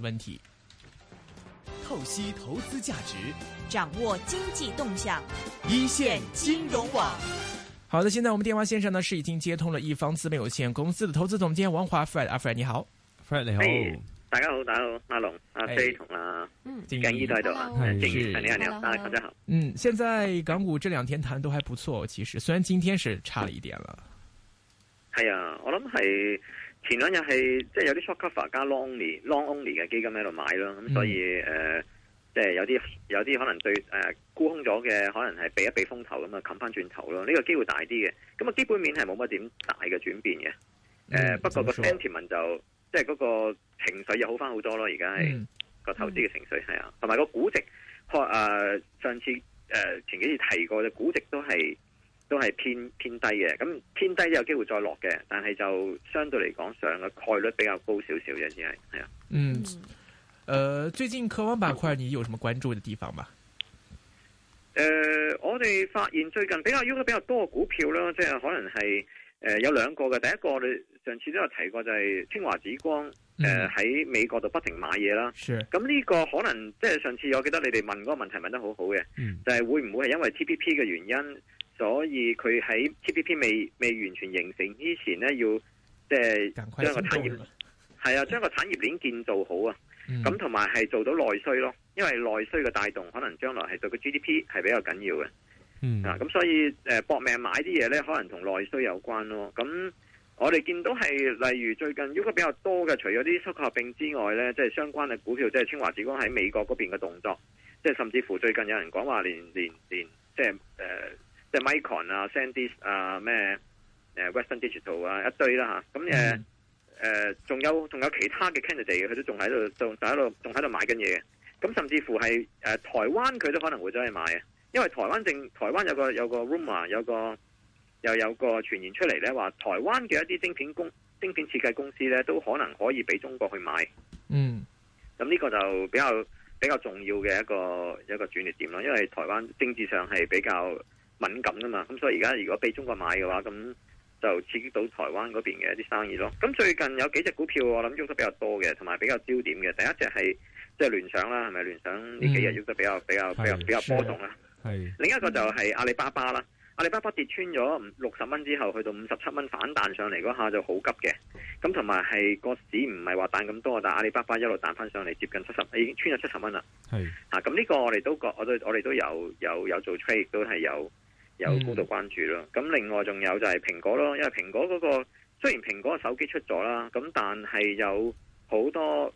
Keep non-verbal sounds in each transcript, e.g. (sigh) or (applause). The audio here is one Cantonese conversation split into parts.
問題，透析投資價值，掌握經濟動向，一線金融網。好的，現在我們電話線上呢是已經接通了一方資本有限公司的投資總監王華 Fred 阿 Fred 你好，hey，好，好 Fred、hey，啊嗯嗯、你好，大家好大家好阿龍阿 Fay 同啊嗯，港一到啊，大家好，嗯，現在港股這兩天談都還不錯，其實雖然今天是差了一點了，係啊，我諗係。前兩日係即係有啲 short cover 加 long only, long only long only 嘅基金喺度買咯，咁所以誒，即、嗯、係、呃就是、有啲有啲可能對誒、呃、沽空咗嘅，可能係避一避風頭咁啊，冚翻轉頭咯。呢、這個機會大啲嘅，咁啊基本面係冇乜點大嘅轉變嘅。誒、呃，不過個 sentiment 就即係嗰個情緒又好翻好多咯、嗯嗯啊，而家係個投資嘅情緒係啊，同埋個估值，學誒、呃、上次誒、呃、前幾次提過嘅估值都係。都係偏偏低嘅，咁偏低有機會再落嘅，但係就相對嚟講上嘅概率比較高少少嘅，只係係啊。嗯，誒、嗯呃，最近科網板塊你有什麼關注嘅地方嗎？誒、呃，我哋發現最近比較要求比較多嘅股票啦，即係可能係誒、呃、有兩個嘅，第一個你上次都有提過，就係清華紫光，誒、嗯、喺、呃、美國度不停買嘢啦。咁呢、這個可能即係上次我記得你哋問嗰個問題問得好好嘅、嗯，就係、是、會唔會係因為 TPP 嘅原因？所以佢喺 T P P 未未完全形成之前咧，要即係將個產業係啊，將個產業鏈建造好啊。咁同埋係做到內需咯，因為內需嘅帶動可能將來係對個 G D P 係比較緊要嘅。嗯、啊，咁所以誒搏、呃、命買啲嘢咧，可能同內需有關咯。咁我哋見到係例如最近如果比較多嘅，除咗啲收購合併之外咧，即、就、係、是、相關嘅股票，即係清華紫光喺美國嗰邊嘅動作，即、就、係、是、甚至乎最近有人講話連連連即係誒。就是呃即係 Micron 啊、SanDisk 啊、咩誒 Western Digital 啊一堆啦吓，咁誒誒仲有仲有其他嘅 candidate，佢都仲喺度，仲仲喺度，仲喺度買緊嘢嘅。咁甚至乎係誒、呃、台灣佢都可能會走去買嘅，因為台灣正台灣有個有個 rumor，有個又有個傳言出嚟咧，話台灣嘅一啲晶片公晶片設計公司咧都可能可以俾中國去買。嗯，咁呢個就比較比較重要嘅一個一個轉捩點咯，因為台灣政治上係比較敏感㗎嘛，咁所以而家如果俾中國買嘅話，咁就刺激到台灣嗰邊嘅一啲生意咯。咁最近有幾隻股票我諗用得比較多嘅，同埋比較焦點嘅，第一隻係即係聯想啦，係咪聯想呢幾日用得比較、嗯、比較比較比較波動啦？係。另一個就係阿里巴巴啦、嗯，阿里巴巴跌穿咗六十蚊之後，去到五十七蚊反彈上嚟嗰下就很急的好急嘅。咁同埋係個市唔係話彈咁多，但係阿里巴巴一路彈翻上嚟，接近七十，已經穿咗七十蚊啦。係。嚇咁呢個我哋都個，我都我哋都有有有做 trade 都係有。有高度關注咯，咁另外仲有就係蘋果咯，因為蘋果嗰、那個雖然蘋果手機出咗啦，咁但係有好多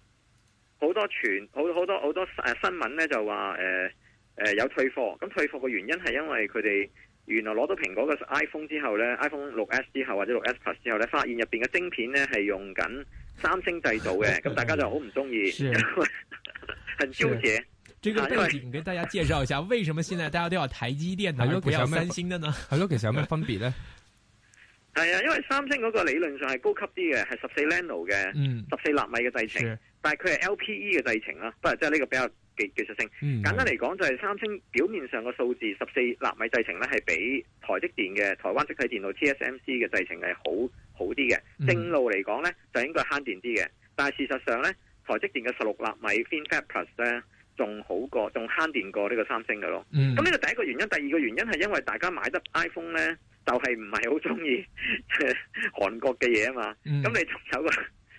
好多傳，好多好多好多誒新聞咧就話誒誒有退貨，咁退貨嘅原因係因為佢哋原來攞到蘋果嘅 iPhone 之後咧，iPhone 六 S 之後或者六 S Plus 之後咧，發現入邊嘅晶片咧係用緊三星製造嘅，咁 (laughs) 大家就好唔中意，係 (laughs) 很糾結。這個背景跟大家介紹一下，為什麼現在大家都要台積電呢，而不要三星的呢？係咯，佢有咩分別呢？係啊，因為三星嗰個理論上係高級啲嘅，係十四 nm 嘅，十四納米嘅製程，嗯、是但係佢係 LPE 嘅製程啦，不過，即係呢個比較技技術性。嗯、簡單嚟講，就係三星表面上個數字十四納米製程咧，係比台積電嘅台灣積體電路 TSMC 嘅製程係好好啲嘅。正路嚟講咧，就應該慳電啲嘅，但係事實上咧，台積電嘅十六納米 FinFET Plus 咧。仲好過，仲慳電過呢個三星嘅咯。咁呢個第一個原因，第二個原因係因為大家買得 iPhone 咧，就係唔係好中意韓國嘅嘢啊嘛。咁、嗯、你仲有個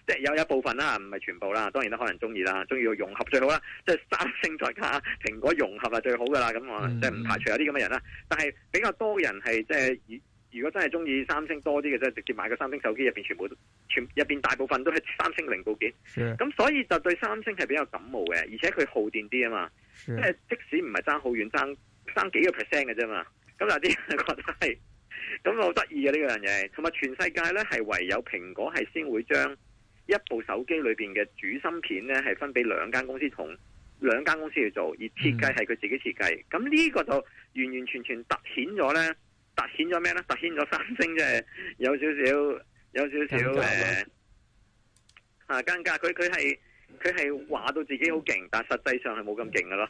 即係有一部分啦，唔係全部啦。當然都可能中意啦，中意融合最好啦。即、就、係、是、三星再加蘋果融合係最好噶啦。咁我可能、嗯、即係唔排除有啲咁嘅人啦。但係比較多人係即係。如果真係中意三星多啲嘅，即係直接買個三星手機，入邊全部全入邊大部分都係三星零部件。咁所以就對三星係比較感冒嘅，而且佢耗電啲啊嘛。即係即使唔係爭好遠，爭爭幾個 percent 嘅啫嘛。咁有啲人覺得係，咁好得意嘅呢個樣嘢。同埋全世界呢係唯有蘋果係先會將一部手機裏邊嘅主芯片呢係分俾兩間公司，同兩間公司去做，而設計係佢自己設計。咁、嗯、呢個就完完全全凸顯咗呢。凸顯咗咩咧？凸顯咗三星即係、就是、有少少，有少少誒，啊尷尬！佢佢係佢係話到自己好勁，但實際上係冇咁勁噶咯。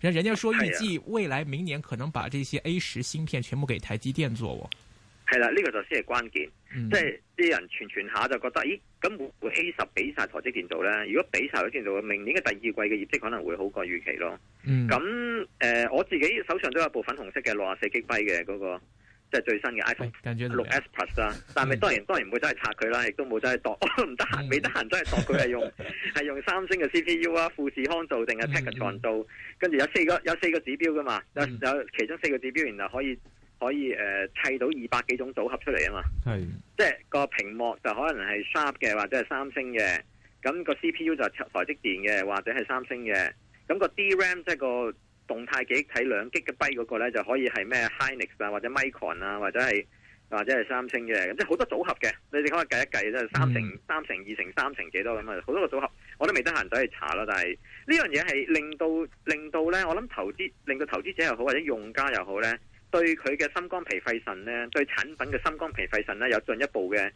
人人家說預計未來明年可能把這些 A10 芯片，全部給台積電做，係啦，呢個就先係關鍵，即係啲人傳傳下就覺得，咦，咁會 A10 俾晒台積電做呢？如果俾晒台積電做，明年嘅第二季嘅業績可能會好過預期咯。咁誒，我自己手上都有部粉紅色嘅六十四 G 巴嘅嗰個。即係最新嘅 iPhone 六 S Plus 啦，但係當然當然唔會真係拆佢啦，亦都冇真係度，唔得閒，未得閒真係度佢係用係用三星嘅 CPU 啊，富士康做定係 Pegatron 做，跟、嗯、住、嗯、有四個有四個指標噶嘛，嗯、有有其中四個指標然後可以可以誒砌到二百幾種組合出嚟啊嘛，係，即係個屏幕就可能係 Sharp 嘅或者係三星嘅，咁、那個 CPU 就係台積電嘅或者係三星嘅，咁、那個 DRAM 即係個。動態幾睇兩擊嘅跛嗰個咧，就可以係咩 Hynix 啊，或者 Micron 啊，或者係或者係三星嘅，咁即係好多組合嘅。你哋可以計一計？即係三成、三、嗯、成、二成、三成幾多咁啊？好多個組合，我都未得閒走去查啦。但係呢樣嘢係令到令到咧，我諗投資令到投資者又好，或者用家又好咧，對佢嘅心肝脾肺腎咧，對產品嘅心肝脾肺腎咧，有進一步嘅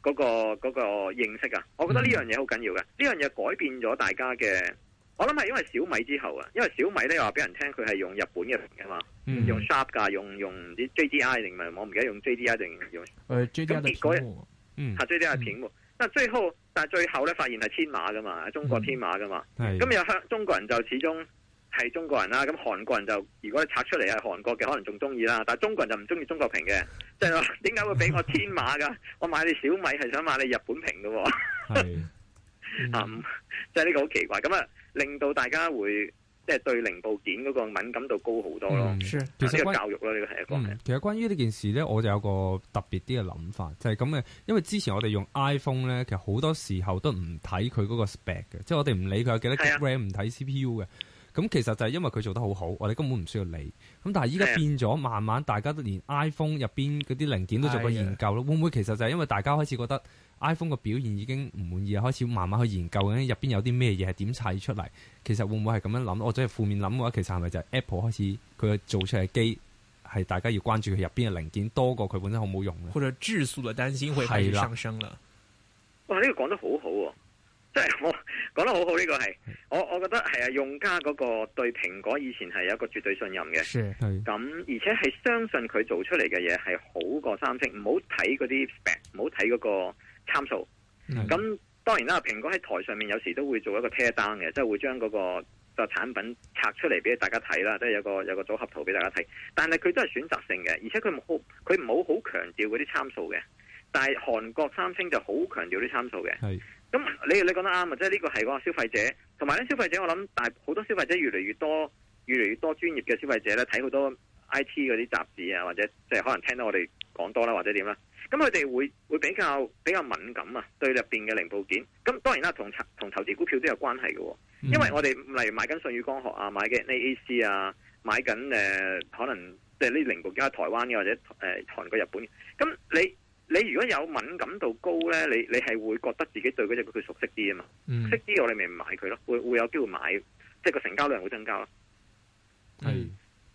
嗰、嗰個嗰、嗰個認識啊！我覺得呢樣嘢好緊要嘅，呢、嗯、樣嘢改變咗大家嘅。我諗係因為小米之後啊，因為小米咧話俾人聽佢係用日本嘅屏噶嘛、嗯，用 Sharp 噶，用用唔知 JDI 定唔係我唔記得用 JDI 定用。誒、呃，JDI 都係屏幕。嗯，係 JDI 嘅屏幕。嗯嗯、最後，但係最後咧發現係天馬噶嘛，中國天馬噶嘛。咁有香，中國人就始終係中國人啦。咁韓國人就如果你拆出嚟係韓國嘅，可能仲中意啦。但係中國人就唔中意中國屏嘅，即係話點解會俾我天馬噶？ (laughs) 我買你小米係想買你日本屏噶喎。係。啊，即係呢個好奇怪咁啊！令到大家會即係對零部件嗰個敏感度高好多咯，教育咯，呢個係一個其實關於呢、嗯、件事咧，我就有個特別啲嘅諗法，就係咁嘅。因為之前我哋用 iPhone 咧，其實好多時候都唔睇佢嗰個 spec 嘅，即係我哋唔理佢有幾多 G RAM，唔睇 CPU 嘅。咁其實就係因為佢做得好好，我哋根本唔需要理。咁但係依家變咗，慢慢大家都連 iPhone 入邊嗰啲零件都做過研究咯。會唔會其實就係因為大家開始覺得？iPhone 個表現已經唔滿意，開始慢慢去研究緊入邊有啲咩嘢係點砌出嚟。其實會唔會係咁樣諗？我再負面諗嘅話，其實係咪就係 Apple 開始佢做出嚟嘅機係大家要關注佢入邊嘅零件多過佢本身好唔好用咧？或者質素嘅擔心會係上升啦。哇！呢個講得好好喎，即係我講得好好呢個係我我覺得係啊，用家嗰個對蘋果以前係有一個絕對信任嘅，咁而且係相信佢做出嚟嘅嘢係好過三星。唔好睇嗰啲 spec，唔好睇嗰個參數，咁當然啦，蘋果喺台上面有時都會做一個 tear down 嘅，即係會將嗰個就產品拆出嚟俾大家睇啦，即係有個有個組合圖俾大家睇。但係佢都係選擇性嘅，而且佢冇佢冇好強調嗰啲參數嘅。但係韓國三星就好強調啲參數嘅。係，咁你你講得啱啊，即係呢個係個消費者，同埋咧消費者我，我諗但好多消費者越嚟越多，越嚟越多專業嘅消費者咧睇好多 IT 嗰啲雜誌啊，或者即係可能聽到我哋講多啦，或者點啦。咁佢哋會會比較比較敏感啊，對入邊嘅零部件。咁當然啦、啊，同同投資股票都有關係嘅、啊嗯。因為我哋例如買緊信譽光學啊，買嘅 NAC 啊，買緊誒、呃、可能即係呢零部件喺台灣嘅或者誒韓國、日本嘅。咁你你如果有敏感度高咧，你你係會覺得自己對嗰隻股票熟悉啲啊嘛？熟悉啲我哋咪買佢咯，會會有機會買，即係個成交量會增加咯。係、嗯、誒、嗯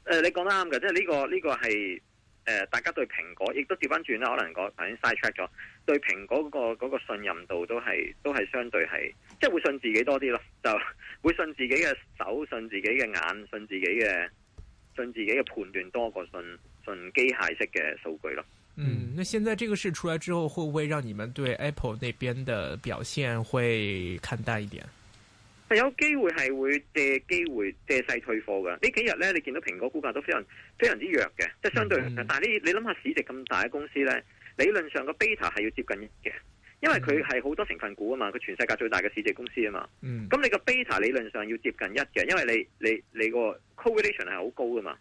呃，你講得啱嘅，即係呢個呢個係。誒、呃，大家對蘋果亦都調翻轉啦，可能我已經 side track 咗，對蘋果個、那個信任度都係都係相對係，即、就、係、是、會信自己多啲咯，就會信自己嘅手，信自己嘅眼，信自己嘅信自己嘅判斷多過信信機械式嘅數據咯。嗯，那現在這個事出來之後，會不會讓你們對 Apple 那邊的表現會看淡一點？有機會係會借機會借勢退貨嘅。呢幾日咧，你見到蘋果股價都非常非常之弱嘅，即係相對、嗯。但係你你諗下市值咁大嘅公司咧，理論上個 beta 係要接近一嘅，因為佢係好多成分股啊嘛，佢全世界最大嘅市值公司啊嘛。咁、嗯、你個 beta 理論上要接近一嘅，因為你你你個 correlation 係好高噶嘛。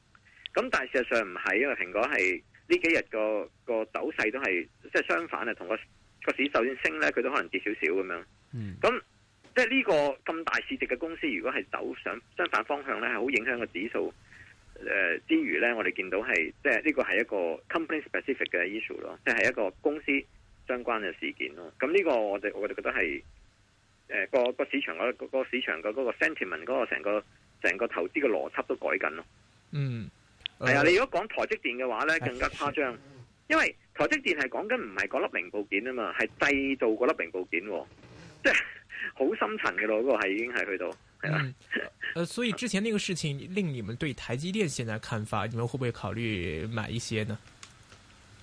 咁但係事實上唔係，因為蘋果係呢幾日個個走勢都係即係相反啊，同個個市就算升咧，佢都可能跌少少咁樣。咁、嗯即係呢個咁大市值嘅公司，如果係走上相反方向咧，係好影響個指數誒、呃。之餘咧，我哋見到係即係呢個係一個 company specific 嘅 issue 咯，即係一個公司相關嘅事件咯。咁呢、這個我哋我哋覺得係誒、呃、個個市場個，個市場個個 sentiment 嗰個成個成個投資嘅邏輯都改緊咯。嗯，係啊、嗯，你如果講台積電嘅話咧，更加誇張，啊、因為台積電係講緊唔係嗰粒零部、部件啊嘛，係製造嗰粒零部件，即係。好深層嘅咯，嗰、那個係已經係去到係啦。誒、嗯呃，所以之前呢個事情令你們對台積電現在看法，你們會唔會考慮買一些呢？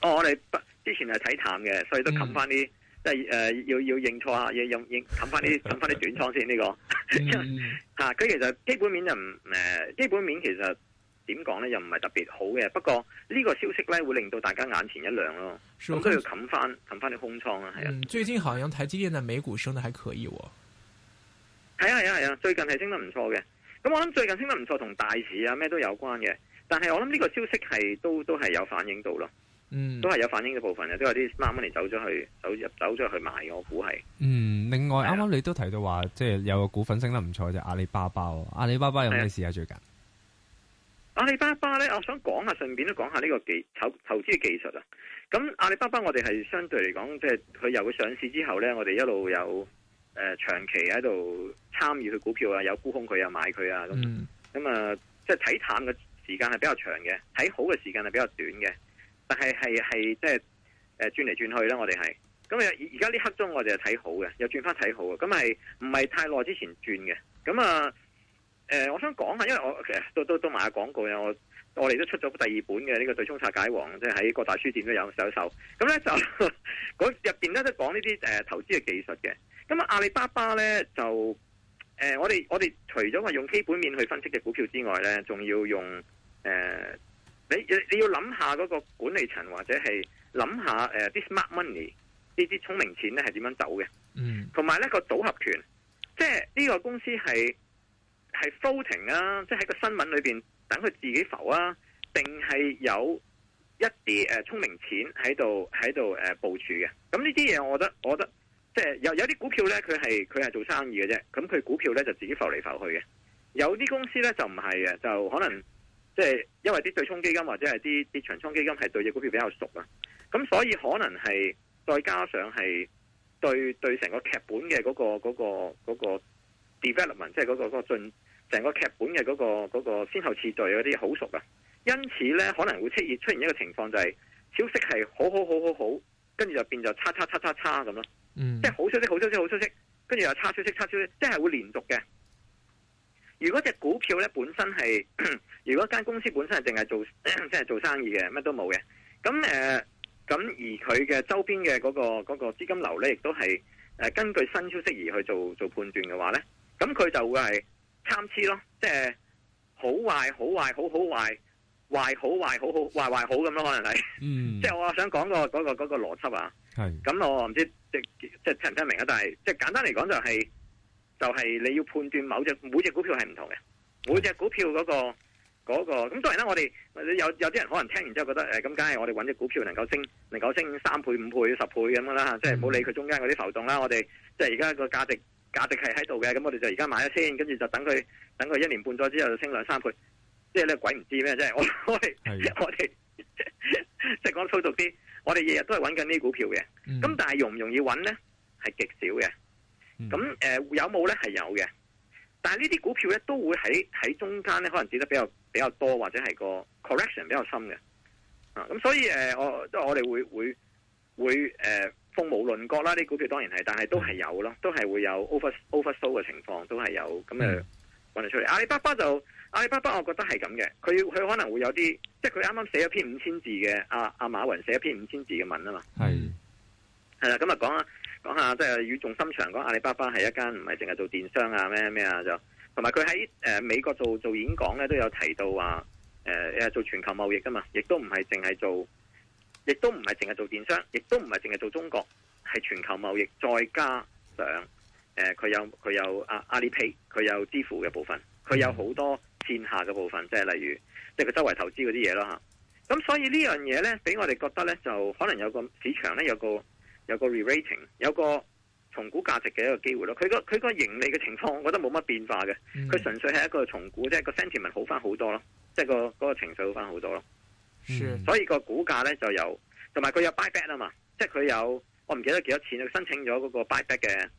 哦，我哋不之前係睇淡嘅，所以都冚翻啲，即係誒、呃、要要認錯啊，要認認冚翻啲冚翻啲短倉先呢、這個。吓、嗯，佢、 (laughs) 啊、其實基本面就唔誒，基本面其實。點講呢？又唔係特別好嘅。不過呢、呢個消息咧，會令到大家眼前一亮咯。咁都要冚翻、冚翻啲空倉啊。係啊。嗯啊，最近好像台積電咧，美股升得還可以喎、哦。係啊係啊係啊，最近係升得唔錯嘅。咁我諗最近升得唔錯、啊，同大市啊咩都有關嘅。但係我諗呢個消息係都都係有反映到咯。嗯、都係有反映嘅部分嘅，都有啲孖蚊嚟走咗去，走入走咗去賣我估係。嗯，另外啱啱、啊、你都提到話，即係有個股份升得唔錯就係、阿里巴巴。阿里巴巴有咩事啊？最近、啊？阿里巴巴咧，我想講下，順便都講下呢個投資的技投投資嘅技術啊。咁阿里巴巴我哋係相對嚟講，即係佢由佢上市之後咧，我哋一路有誒、呃、長期喺度參與佢股票啊，有沽空佢啊，買佢啊咁。咁、嗯、啊，即係睇淡嘅時間係比較長嘅，睇好嘅時間係比較短嘅。但係係係即係誒轉嚟轉去啦，我哋係。咁而家呢刻鐘我哋係睇好嘅，又轉翻睇好啊。咁係唔係太耐之前轉嘅？咁啊。誒、呃，我想講下，因為我其實都都都買咗廣告嘅，我我哋都出咗第二本嘅呢，這個對沖拆解王，即係喺各大書店都有手售。咁咧就入邊咧都講呢啲誒投資嘅技術嘅。咁啊阿里巴巴咧就，誒、呃，我哋我哋除咗話用基本面去分析嘅股票之外咧，仲要用誒、呃、你你要諗下嗰個管理層或者係諗下誒啲 smart money 呢啲聰明錢咧係點樣走嘅。嗯，同埋咧個組合權，即係呢個公司係。係 floating 啊，即係喺個新聞裏邊等佢自己浮啊，定係有一啲誒聰明錢喺度喺度誒部署嘅。咁呢啲嘢，我覺得我覺得即係有有啲股票咧，佢係佢係做生意嘅啫。咁佢股票咧就自己浮嚟浮去嘅。有啲公司咧就唔係嘅，就可能即係、就是，因為啲對沖基金或者係啲啲長倉基金係對隻股票比較熟啊。咁所以可能係再加上係對對成個劇本嘅嗰個嗰個嗰個。那個那個 Development 即係嗰個個進成個劇本嘅嗰個個先後次序嗰啲好熟㗎，因此咧可能會出現出現一個情況就係消息係好好好好好，跟住就變咗叉叉叉叉，叉叉叉叉叉咁咯，即係好消息好消息好消息，跟住又叉消息叉消息，消息叉叉叉叉叉叉叉即係會連續嘅。如果隻股票咧本身係，如果間公司本身係淨係做淨係做生意嘅，乜都冇嘅，咁誒，咁、呃、而佢嘅周邊嘅嗰、那個嗰、那個資金流咧亦都係誒根據新消息而去做做判斷嘅話咧。咁佢就會係參差咯，即係好壞、好壞、好好壞、壞好壞、好好壞壞好咁咯，可能係。嗯。即係我想講、嗰個嗰、嗰個嗰個邏輯啊。係、嗯。咁我唔知即係即係聽唔聽明啊？但係即係簡單嚟講就係、係，就係、係、你要判斷某隻每隻股票係唔同嘅，每隻股票嗰個嗰個。咁、嗰個、當然啦，我哋有有啲人可能聽完之後覺得誒，咁梗係我哋揾隻股票能夠升，能夠升三倍、五倍、十倍咁樣啦，即係唔好理佢中間嗰啲浮動啦。我哋即係而家個價值。價值係喺度嘅，咁我哋就而家買咗先。跟住就等佢等佢一年半載之後就升兩三倍，即係咧鬼唔知咩？即係我我哋即係講粗俗啲，我哋日日都係揾緊呢啲股票嘅。咁、嗯、但係容唔容易揾咧？係極少嘅。咁、嗯、誒、呃、有冇咧？係有嘅，但係呢啲股票咧都會喺喺中間咧可能跌得比較比較多，或者係個 correction 比較深嘅。啊，咁所以誒、呃、我即係、呃、我哋會會會誒。呃無論國啦，啲股票當然係，但係都係有咯、嗯，都係會有 over over sell 嘅情況，都係有咁誒搵得出嚟。阿里巴巴就阿里巴巴，我覺得係咁嘅，佢佢可能會有啲，即係佢啱啱寫一篇五千字嘅阿阿馬雲寫一篇五千字嘅文啊嘛，係係啦，咁啊講，講下，講下即係語重心長講阿里巴巴係一間唔係淨係做電商啊咩咩啊就，同埋佢喺誒美國做做演講咧都有提到話，誒、呃、誒做全球貿易噶嘛，亦都唔係淨係做。亦都唔係淨係做電商，亦都唔係淨係做中國，係全球貿易再加上誒，佢、呃、有佢有阿阿里 Pay，佢有支付嘅部分，佢有好多線下嘅部分，即係例如即係佢周圍投資嗰啲嘢咯吓。咁所以樣呢樣嘢咧，俾我哋覺得咧，就可能有個市場咧，有個有個 re-rating，有個重估價值嘅一個機會咯。佢個佢個盈利嘅情況，我覺得冇乜變化嘅。佢純粹係一個重估，即係個 sentiment 好翻好多咯，即係、個、嗰個情緒好翻好多咯。嗯、所以這個股價咧就有，同埋佢有，有 buyback 啊嘛，即係佢有我唔記得幾多錢申請咗嗰個 buyback 嘅，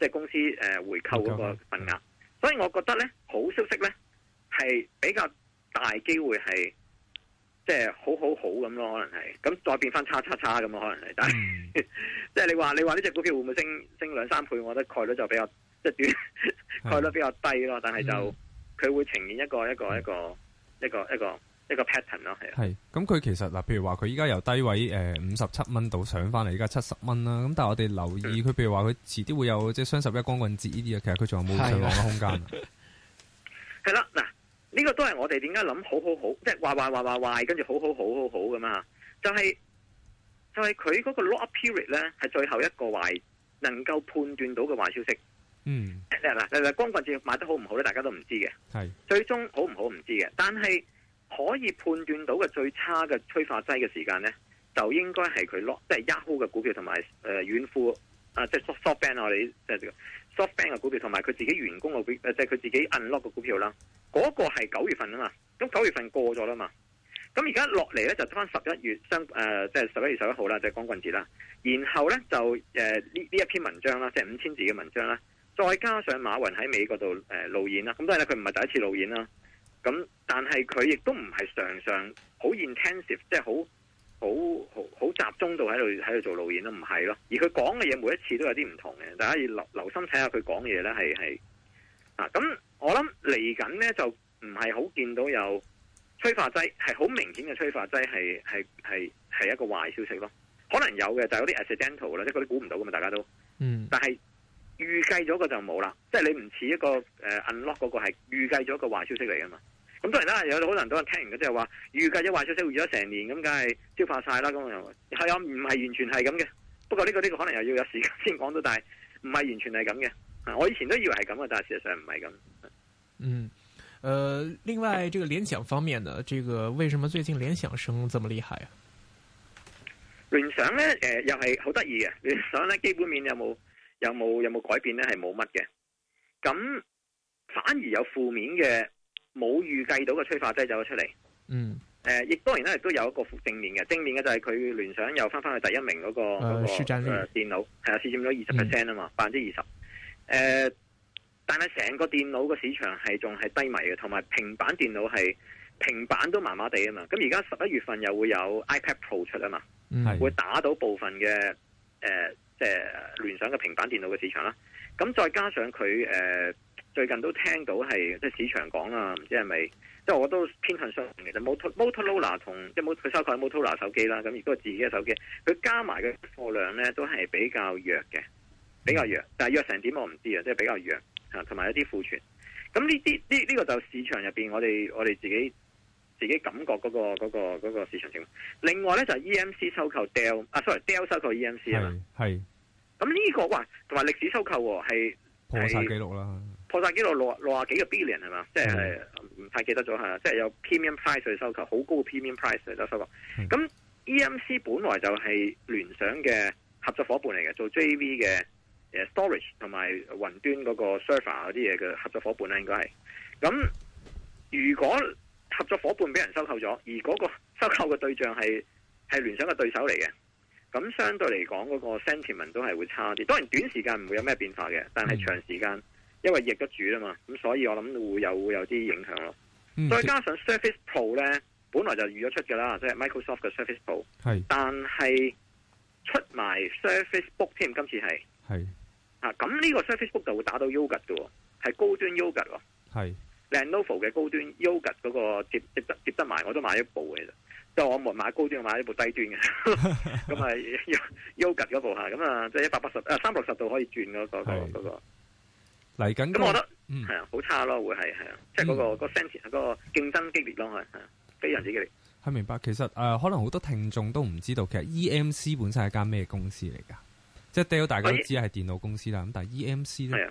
即係公司誒、呃、回購嗰個份額，嗯嗯。所以我覺得咧，好消息咧係比較大機會係，即係好好好咁咯，可能係，咁再變翻叉叉叉咁咯，可能係。但係、嗯、 (laughs) 即係你話你話呢隻股票會唔會升升兩三倍？我覺得概率就比較即係 (laughs) 概率比較低咯、嗯。但係就佢、嗯、會呈現一個一個一個一個，嗯、一，個，一，個一個。一個 pattern 咯，係。係，咁佢其實嗱，譬如話佢依家由低位誒五十七蚊度上翻嚟，依家七十蚊啦。咁但係我哋留意佢、嗯，譬如話佢遲啲會有即係、就是、雙十一光棍節呢啲嘢，其實佢仲有冇上漲嘅空間？係、嗯、啦，嗱， (laughs) 呢、這個都係我哋點解諗好好好，即、就、係、是、壞壞壞壞壞，跟住好好好好好㗎嘛。就係、是、就係佢嗰個 lockup period 咧，係最後一個壞能夠判斷到嘅壞消息。嗯。嗱，光棍節賣得好唔好咧？大家都唔知嘅。係。最終好唔好唔知嘅，但係。可以判斷到嘅最差嘅催化劑嘅時間咧，就應該係佢 lock，即係 Yahoo 嘅股票同埋誒軟庫啊，即係 soft band 啊，我哋即係 soft band 嘅股票同埋佢自己員工嘅股，誒即係佢自己 unlock 嘅股票啦。嗰個係九月份啊嘛，咁九月份過咗啦嘛，咁而家落嚟咧就得翻十一月，雙誒即係十一月十一號啦，即係光棍節啦。然後咧就誒呢呢一篇文章啦，即係五千字嘅文章啦，再加上馬雲喺美國度誒路演啦，咁當然咧佢唔係第一次路演啦。咁，但係佢亦都唔係常常好 intensive，即係好好好好集中到喺度喺度做路演咯，唔係咯。而佢講嘅嘢每一次都有啲唔同嘅，大家要留留心睇下佢講嘅嘢咧，係係啊。咁我諗嚟緊咧就唔係好見到有催化劑，係好明顯嘅催化劑，係係係係一個壞消息咯。可能有嘅，就係嗰啲 accidental 啦，即係嗰啲估唔到噶嘛，大家都嗯，但係。預計咗個就冇啦，即係你唔似一個誒 unlock 嗰個係預計咗個壞消息嚟㗎嘛。咁當然啦，有好多人都係聽完嘅，即係話預計咗壞消息，預咗成年咁，梗係消化晒啦。咁又係啊，唔係完全係咁嘅。不過呢個呢個可能又要有時間先講到，但係唔係完全係咁嘅。我以前都以為係咁嘅，但係事實上唔係咁。嗯，誒、 (noise) 嗯，另外，呢個聯想方面呢，呢個為什麼最近聯想升這麼厲害啊，嗯呃這個，聯想呢，誒、呃，又係好得意嘅。聯想呢，基本面有冇？有冇有冇改變咧？係冇乜嘅，咁反而有負面嘅冇預計到嘅催化劑走咗出嚟。嗯，誒、呃，亦當然咧，亦都有一個正面嘅，正面嘅就係佢聯想又返返去第一名嗰，那個嗰，呃那個呃嗯呃、個電腦，係啊，試佔咗二十 percent 啊嘛，百分之二十。誒，但係成個電腦個市場係仲係低迷嘅，同埋平板電腦係平板都麻麻地啊嘛。咁而家十一月份又會有 iPad Pro 出啊嘛，嗯，會打到部分嘅誒。呃即係聯想嘅平板電腦嘅市場啦，咁再加上佢誒、呃，最近都聽到係即係市場講啊，唔知係咪即係我都偏向相信，其實 (music) Motor Motorola 同即係佢收購 Motorola 手機啦，咁亦都係自己嘅手機，佢加埋嘅貨量咧都係比較弱嘅，比較弱，但係弱成點我唔知啊，即係比較弱啊，同埋一啲庫存，咁呢啲呢呢個就市場入邊我哋我哋自己。自己感覺嗰、嗰個嗰、嗰個嗰個、市場情況，另外咧就係、是、EMC 收購 Dell 啊，sorry Dell 收購 EMC 啊，係咁呢個話同埋歷史收購係破曬記錄啦，破曬記錄六六廿幾個 billion 係嘛？即係唔太記得咗嚇，即、就、係、是、有 premium price 去收購，好高嘅 premium price 嚟得收購。咁 EMC 本來就係聯想嘅合作伙伴嚟嘅，做 JV 嘅誒 storage 同埋雲端嗰個 server 嗰啲嘢嘅合作伙伴咧，應該係咁。如果合作伙伴俾人收購咗，而嗰個收購嘅對象係係聯想嘅對手嚟嘅。咁相對嚟講，嗰個 sentiment 都係會差啲。當然短時間唔會有咩變化嘅，但係長時間、嗯、因為逆得住啊嘛，咁所以我諗會有會有啲影響咯、嗯。再加上 Surface Pro 咧，本來就預咗出㗎啦，即係 Microsoft 嘅 Surface Pro。係。但係出埋 Surface Book 添，今次係係啊。咁呢個 Surface Book 就會打到 Yoga 㗎喎，係高端 Yoga 喎。Lenovo 嘅高端 Yoga 嗰個接接得接得埋，我都買一部嘅啫。即係我唔買高端，買一部低端嘅。咁啊，Yoga 嗰部嚇，咁啊、呃，即係一百八十誒三六十度可以轉嗰、那個嗰、那個嚟緊。咁我覺得係啊，好、嗯、差咯，會係係啊，即係嗰個嗰、嗯那個競爭激烈咯，係係非常之激烈。係明白，其實誒、呃，可能好多聽眾都唔知道，其實 EMC 本身係一間咩公司嚟㗎？即係 Dell 大家都知係電腦公司啦。咁但係 EMC 咧。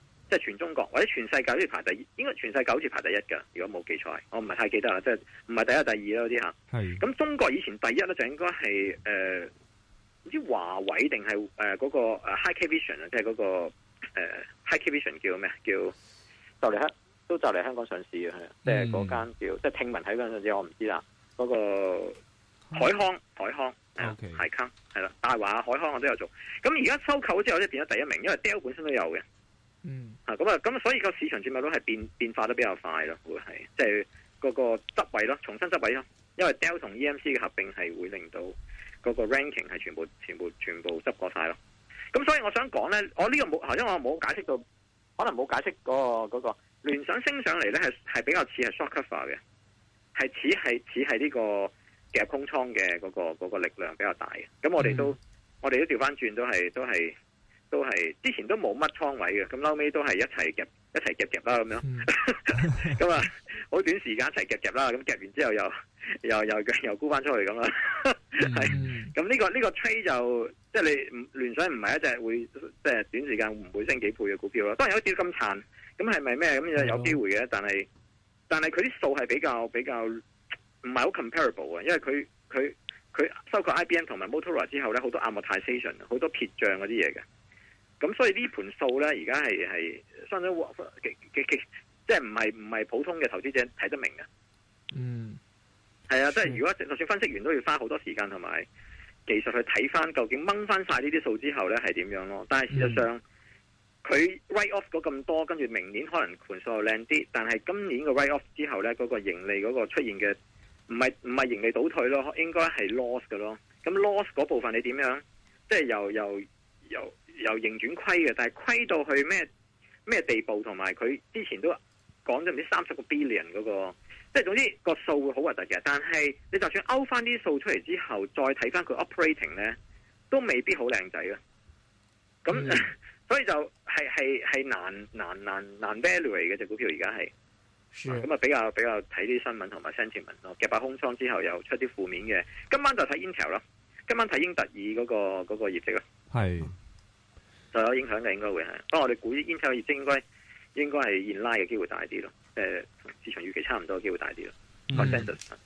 即係全中國或者全世界都要排第二，應該全世界好似排第一噶，如果冇記錯，我唔係太記得啦，即係唔係第一第二啦嗰啲吓。係。咁中國以前第一咧就應該係誒，唔、呃、知華為定係誒嗰個誒、呃那個、High Key Vision 啊，即係嗰個誒 High Key Vision 叫咩叫就嚟香都就嚟香港上市嘅，係、嗯、即係嗰間叫即係聽聞喺嗰間上市，我唔知啦。嗰、那個海康海康、okay。海康係啦，大華海康我都有做。咁而家收購之後，即係變咗第一名，因為 Deal 本身都有嘅。嗯吓咁啊，咁、嗯嗯、所以個市場轉變都係變變化得比較快咯，會係即係嗰個執位咯，重新執位咯，因為 Dell 同 EMC 嘅合併係會令到嗰個 ranking 係全部、全部、全部執過晒咯。咁所以我想講咧，我呢個冇，因為我冇解釋到，可能冇解釋嗰、那個嗰、那個聯想升上嚟咧，係係比較似係 short cover 嘅，係似係似係呢個夾空倉嘅嗰個、那個力量比較大嘅。咁我哋都、嗯、我哋都調返轉都係都係。都係之前都冇乜倉位嘅，咁後尾都係一齊夾一齊夾夾啦咁樣，咁啊好短時間一齊夾夾啦，咁夾完之後又又又又，又沽翻出去。咁、嗯、啊，係咁呢個呢、呢個 trade 就即係、就是、你聯想唔係一隻會即係、就是、短時間唔會升幾倍嘅股票咯。當然有啲咁殘，咁係咪咩咁有機會嘅、嗯？但係但係佢啲數係比較比較唔係好 comparable 啊，因為佢佢佢收購 IBM 同埋 Motorola 之後咧，好多 amortization 好多撇賬嗰啲嘢嘅。咁所以呢盤數咧，而家係係相當之即係唔係唔係普通嘅投資者睇得明嘅。嗯，係啊，即係如果就算分析完都要花好多時間同埋技術去睇翻，究竟掹翻晒呢啲數之後咧係點樣咯？但係事實上，佢、嗯、write off 嗰咁多，跟住明年可能盤數又靚啲，但係今年嘅 write off 之後咧，嗰、嗰個盈利嗰個出現嘅唔係唔係盈利倒退咯，應該係 loss 嘅咯。咁 loss 嗰部分你點樣？即係又又又？由盈轉虧嘅，但係虧到去咩咩地步，同埋佢之前都講咗唔知三十個 billion 嗰、那個，即係總之、這個數會好核突嘅。但係你就算勾翻啲數出嚟之後，再睇翻佢 operating 咧，都未必好靚仔啊。咁、嗯、 (laughs) 所以就係係係難難難難 valuate 嘅隻股票，而家係咁啊就比，比較比較睇啲新聞同埋 sentiment 咯，夾把空倉之後又出啲負面嘅。今晚就睇 Intel 咯，今晚睇英特爾嗰、那個嗰、那個業績咯，係。就有影響嘅應該會係，不過我哋估煙炒熱跡應該應該係現拉嘅機會大啲咯，誒、呃、市場預期差唔多機會大啲咯、嗯啊。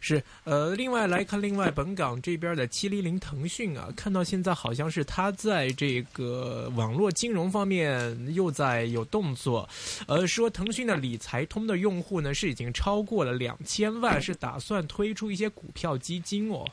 是，呃，另外來看另外本港這邊的七零零騰訊啊，看到現在好像是它在這個網絡金融方面又在有動作，呃，說騰訊的理財通的用戶呢是已經超過了兩千萬，是打算推出一些股票基金哦。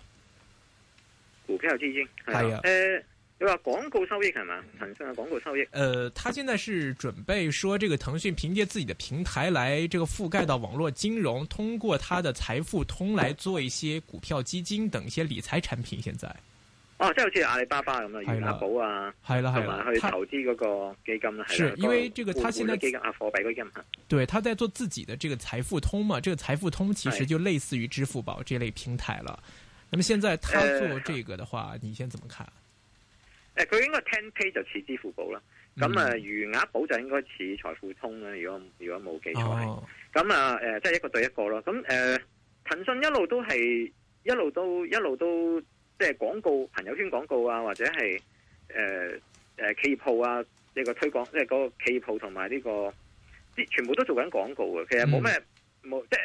股票基金，係啊，哎你話廣告收益係嘛？騰訊嘅廣告收益。呃他現在是準備說，這個騰訊憑借自己的平台來，這個覆蓋到網絡金融，通過他的財富通來做一些股票、基金等一些理財產品。現在哦，即係好似阿里巴巴咁樣，餘額寶啊，係啦係嘛，去投資嗰個基金啦。係因為這個，他現在做幾個貨幣嗰啲、啊，對，他在做自己的這個財富通嘛？這個財富通其實就類似於支付寶這類平台了。那麼現在他做這個的話，呃、你先怎麼看？誒，佢應該 TenPay 就似支付寶啦，咁啊餘額寶就應該似財富通啦。如果如果冇記錯，係咁啊誒，即係一個對一個咯。咁誒，騰訊一路都係一路都一路都即係廣告、朋友圈廣告啊，或者係誒誒企業鋪啊呢個推廣，即係嗰個企業鋪同埋呢個啲全部都做緊廣告嘅，其實冇咩冇，即係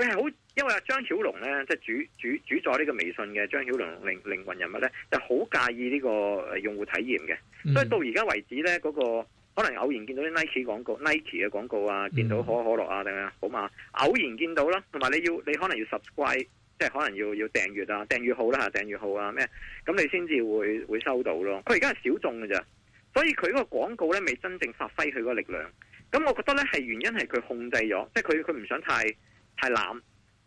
佢係好。因為阿張曉龍咧，即係主主主宰呢個微信嘅張曉龍靈靈魂人物咧，就好介意呢個用戶體驗嘅、嗯。所以到而家為止咧，嗰、那個可能偶然見到啲 Nike 廣告、Nike 嘅廣告啊，見到可口可樂啊，定係好嘛？偶然見到啦，同埋你要你可能要 subscribe，即係可能要要訂閱啊，訂閱號啦、啊、嚇，訂閲號啊咩？咁你先至會會收到咯。佢而家係小眾㗎咋，所以佢個廣告咧未真正發揮佢個力量。咁我覺得咧係原因係佢控制咗，即係佢佢唔想太太濫。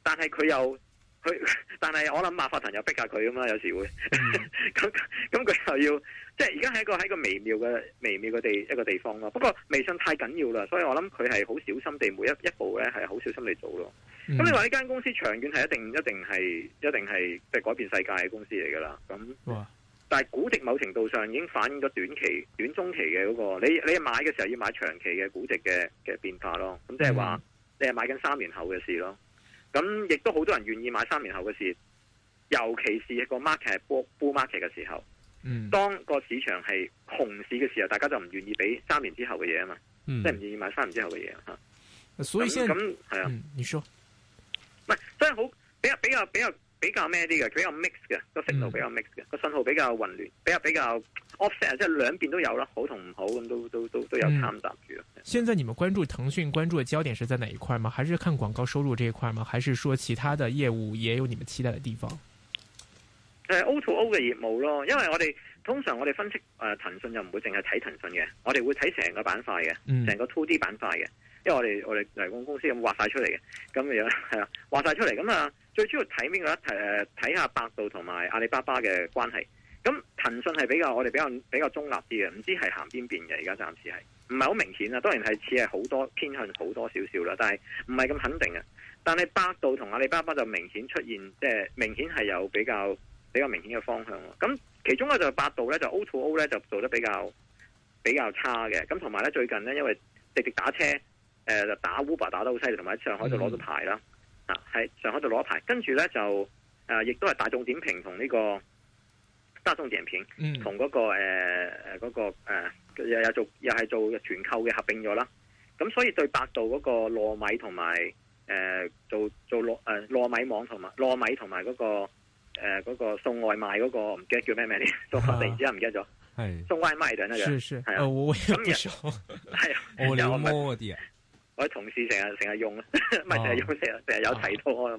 但係佢又佢，但係我諗馬化騰又逼下佢咁啦，有時會咁咁佢又要，即係而家係一個係一個微妙嘅微妙嘅地一個地方咯。不過微信太緊要啦，所以我諗佢係好小心地每一一步咧係好小心地做咯。咁、嗯、你話呢間公司長遠係一定一定係一定係即係改變世界嘅公司嚟噶啦。咁，哇！但係估值某程度上已經反映咗短期、短中期嘅嗰個，你你買嘅時候要買長期嘅估值嘅嘅變化咯。咁即係話你係買緊三年後嘅事咯。咁亦都好多人願意買三年後嘅事，尤其是個 market 係 bull market 嘅時候，當個市場係熊市嘅時候，大家就唔願意俾三年之後嘅嘢啊嘛，即係唔願意買三年之後嘅嘢吓。所以先咁係啊，你說，唔係真係好，比較比較比較。比較比較咩啲嘅，比較 mix 嘅個信度，比較 mix 嘅個信號比較混亂，比較比較 offset，即係兩邊都有啦，好同唔好咁都都都都有參雜嘅。現在你們關注騰訊關注嘅焦點是在哪一塊嗎？還是看廣告收入這一塊嗎？還是說其他的業務也有你們期待的地方？就、呃、係 O to O 嘅業務咯，因為我哋通常我哋分析誒、呃、騰訊就唔會淨係睇騰訊嘅，我哋會睇成個板塊嘅，成個 two D 板塊嘅、嗯，因為我哋我哋公司咁畫晒出嚟嘅，咁樣係啊，畫晒出嚟咁啊。最主要睇邊個一睇誒睇下百度同埋阿里巴巴嘅關係，咁騰訊係比較我哋比較比較中立啲嘅，唔知係行邊邊嘅而家暫時係，唔係好明顯啊。當然係似係好多偏向好多少少啦，但係唔係咁肯定嘅。但係百度同阿里巴巴就明顯出現，即係明顯係有比較比較明顯嘅方向咯。咁其中咧就百度咧就 O to O 咧就做得比較比較差嘅，咁同埋咧最近咧因為滴滴打車誒就、呃、打 Uber 打得好犀利，同埋喺上海就攞咗牌啦。嗯喺、啊、上海度攞牌，跟住咧就誒、呃，亦都係大眾點評同呢個大眾點評，同、嗯、嗰、那個誒誒嗰個誒、呃呃、又做又做又係做團購嘅合併咗啦。咁所以對百度嗰個糯米同埋誒做做糯誒、呃、糯米網同埋糯米同埋嗰個誒個、呃、送外賣嗰、那個唔記得叫咩名咧，送地址啊，唔記得咗，係送外賣定乜嘢？係啊，啊，啊，我也不啊， (laughs) (laughs) (laughs) (laughs) 嗯 (laughs) 嗯嗯、我兩摸啲嘢。 (laughs) 我啲同事成日成日用，唔係成日用成日成日有提到我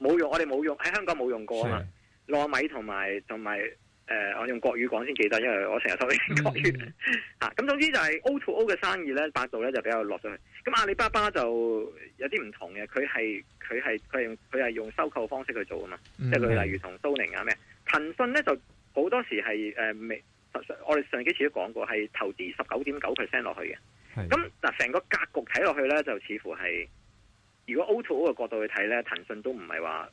冇、啊、用，我哋冇用喺香港冇用過啊嘛。糯米同埋同埋誒我用國語講先記得，因為我成日收你國語咁、嗯嗯、總之就係 O to O 嘅生意咧，百度咧就比較落咗去。咁阿里巴巴就有啲唔同嘅，佢係佢係佢係佢係用收購方式去做啊嘛，即、嗯、係例如同蘇寧啊咩。騰訊咧就好多時係未、呃，我哋上幾次都講過係投資十九點九 percent 落去嘅。咁嗱，成、嗯、個格局睇落去咧，就似乎係如果 O to O 嘅角度去睇咧，騰訊都唔係話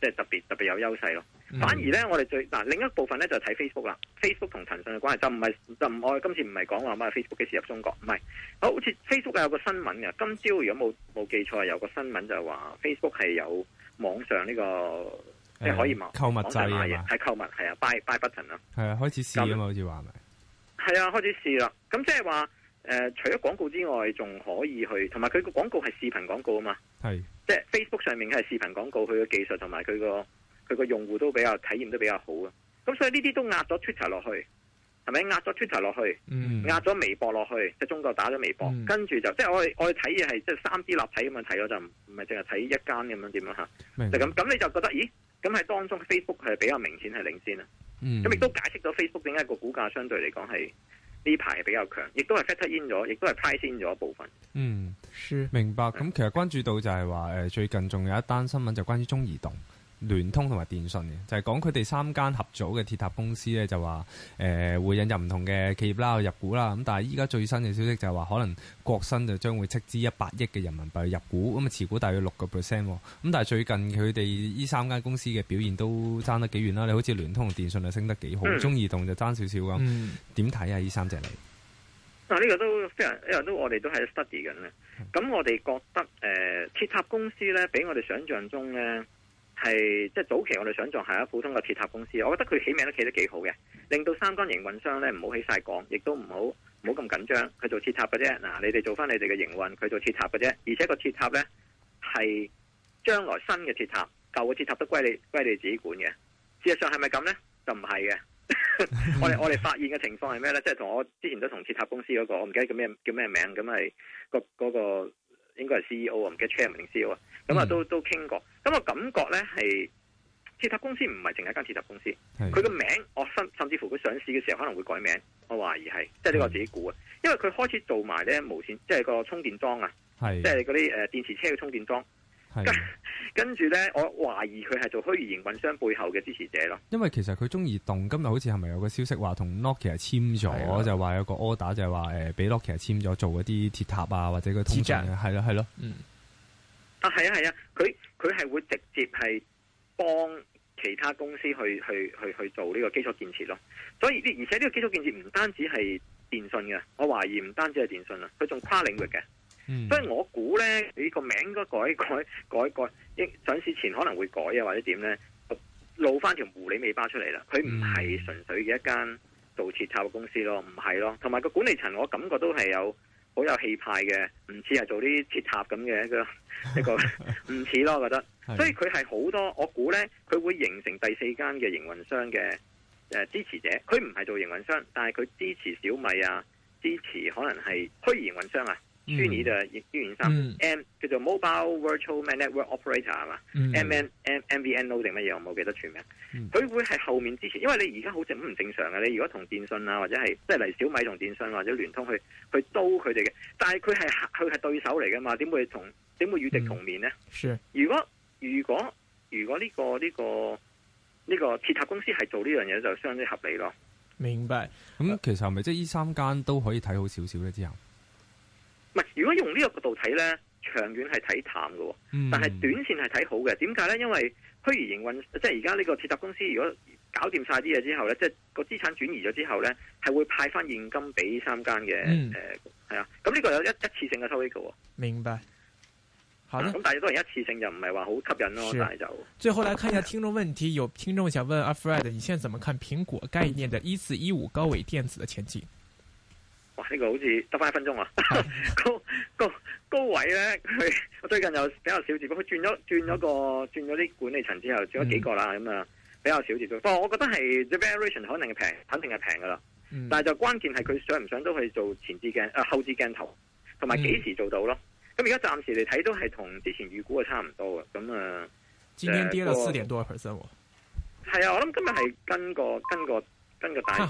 即係特別特別有優勢咯。嗯、反而咧，我哋最嗱另一部分咧就睇、是、Facebook 啦、嗯。Facebook 同騰訊嘅關係就唔係就唔我今次唔係講話乜 Facebook 幾時入中國，唔係好似 Facebook 有個新聞嘅。今朝如果冇冇記錯，有個新聞就係話 Facebook 係有網上呢、這個即係、嗯、可以買、嗯、購物製啊，係購物係啊，Buy Buy Button 啦，係啊，開始試啊嘛，好似話咪係啊，開始試啦。咁即係話。誒、呃，除咗廣告之外，仲可以去，同埋佢個廣告係視頻廣告啊嘛，係，即係 Facebook 上面係視頻廣告，佢嘅技術同埋佢個佢個用戶都比較體驗都比較好啊，咁所以呢啲都壓咗 Twitter 落去，係咪？壓咗 Twitter 落去，壓、嗯、咗微博落去，即係中國打咗微博，嗯、跟住就即係我我哋睇嘢係即係三 D 立體咁樣睇咗就唔唔係淨係睇一間咁樣點樣嚇，就咁，咁你就覺得咦？咁喺當中 Facebook 係比較明顯係領先啊，咁、嗯、亦都解釋咗 Facebook 點解個股價相對嚟講係。呢排比較強，亦都係 factor in 咗，亦都係派先咗一部分。嗯，是明白。咁其實關注到就係話，誒，最近仲有一單新聞就關於中移動。聯通同埋電信嘅，就係講佢哋三間合組嘅鐵塔公司咧，就話誒會引入唔同嘅企業啦入股啦。咁但係依家最新嘅消息就係、是、話，可能國新就將會斥資一百億嘅人民幣入股，咁啊持股大約六個 percent。咁但係最近佢哋呢三間公司嘅表現都爭得幾遠啦。你好似聯通同電信、嗯就點點嗯嗯、啊，升得幾好，中移動就爭少少咁。點睇啊？呢三隻你啊？呢個都非常，因、這、為、個、都我哋都喺度 study 緊咧。咁我哋覺得誒、呃、鐵塔公司咧，比我哋想像中咧。係即係早期我哋想像係一普通嘅鐵塔公司，我覺得佢起名都起得幾好嘅，令到三間營運商咧唔好起晒槓，亦都唔好唔好咁緊張佢做鐵塔嘅啫。嗱，你哋做翻你哋嘅營運，佢做鐵塔嘅啫。而且個鐵塔咧係將來新嘅鐵塔，舊嘅鐵塔都歸你歸你自己管嘅。事實上係咪咁咧？就唔係嘅。我哋我哋發現嘅情況係咩咧？即係同我之前都同鐵塔公司嗰個，我唔記得叫咩叫咩名咁係嗰個。應該係 CEO 啊、嗯，唔記得 Chairman 定 CEO 啊，咁啊都都傾過，咁我感覺咧係鐵塔公司唔係淨係一間鐵塔公司，佢個名字，我、哦、甚甚至乎佢上市嘅時候可能會改名，我懷疑係，即係呢個自己估啊、嗯，因為佢開始做埋咧無線，即係個充電樁啊，即係嗰啲誒電池車嘅充電樁。跟住咧，我懷疑佢係做虛擬營運商背後嘅支持者咯。因為其實佢中移動今日好似係咪有個消息話同 Nokia 簽咗？就話、是、有個 order 就係話誒，俾 Nokia 簽咗做嗰啲鐵塔啊，或者個通訊係咯係咯。嗯，啊係啊係啊，佢佢係會直接係幫其他公司去去去去做呢個基礎建設咯。所以而且呢個基礎建設唔單止係電信嘅，我懷疑唔單止係電信啊，佢仲跨領域嘅。嗯、所以我估呢，你、這個名應該改改改改，應上市前可能會改啊，或者點呢？露翻條狐狸尾巴出嚟啦。佢唔係純粹嘅一間做切塔嘅公司咯，唔係咯。同埋個管理層，我感覺都係有好有氣派嘅，唔似係做啲切塔咁嘅一個一個，唔 (laughs) 似 (laughs) 咯。我覺得，所以佢係好多我估呢，佢會形成第四間嘅營運商嘅、呃、支持者。佢唔係做營運商，但係佢支持小米啊，支持可能係虛擬營運商啊。虛擬就係虛擬商，嗯，M 叫做 Mobile Virtual 咩 Network Operator 係、嗯、嘛，M N M M V N O 定乜嘢我冇記得全名，佢、嗯、會係後面之前，因為你而家好似唔正常嘅，你如果同電信啊或者係即係嚟小米同電信、啊、或者聯通去去刀佢哋嘅，但係佢係佢係對手嚟嘅嘛，點會同點會與敵同眠呢、嗯 sure. 如？如果如果如果呢個呢、這個呢、這個鐵塔公司係做呢樣嘢就相對合理咯。明白，咁、嗯、其實係咪即係呢三間都可以睇好少少咧之後？如果用呢個角度睇咧，長遠係睇淡嘅，但係短線係睇好嘅。點解咧？因為虛擬營運，即係而家呢個鐵塔公司，如果搞掂晒啲嘢之後咧，即係個資產轉移咗之後咧，係會派翻現金俾三間嘅誒，係、嗯呃、啊。咁呢個係一一次性嘅收益嘅。明白。好的。咁、啊、但係當然一次性就唔係話好吸引咯，是但係就最後嚟，看一下聽眾問題，有聽眾想問阿、啊、Fred 你現在怎麼看蘋果概念的一四一五高偉電子嘅前景？哇！呢、這個好似得翻一分鐘啊， (laughs) 高高高位咧，佢我最近又比較少住，咁佢轉咗轉咗個轉咗啲管理層之後，轉咗幾個啦咁啊，比較少住咗。不過我覺得係 The Variation 可能係平，肯定係平噶啦。但係就關鍵係佢想唔想都去做前置鏡啊、呃、後置鏡頭，同埋幾時做到咯？咁而家暫時嚟睇都係同之前預估啊差唔多嘅咁啊。今天跌咗四點多啊，係啊，我諗今日係跟個跟個跟個大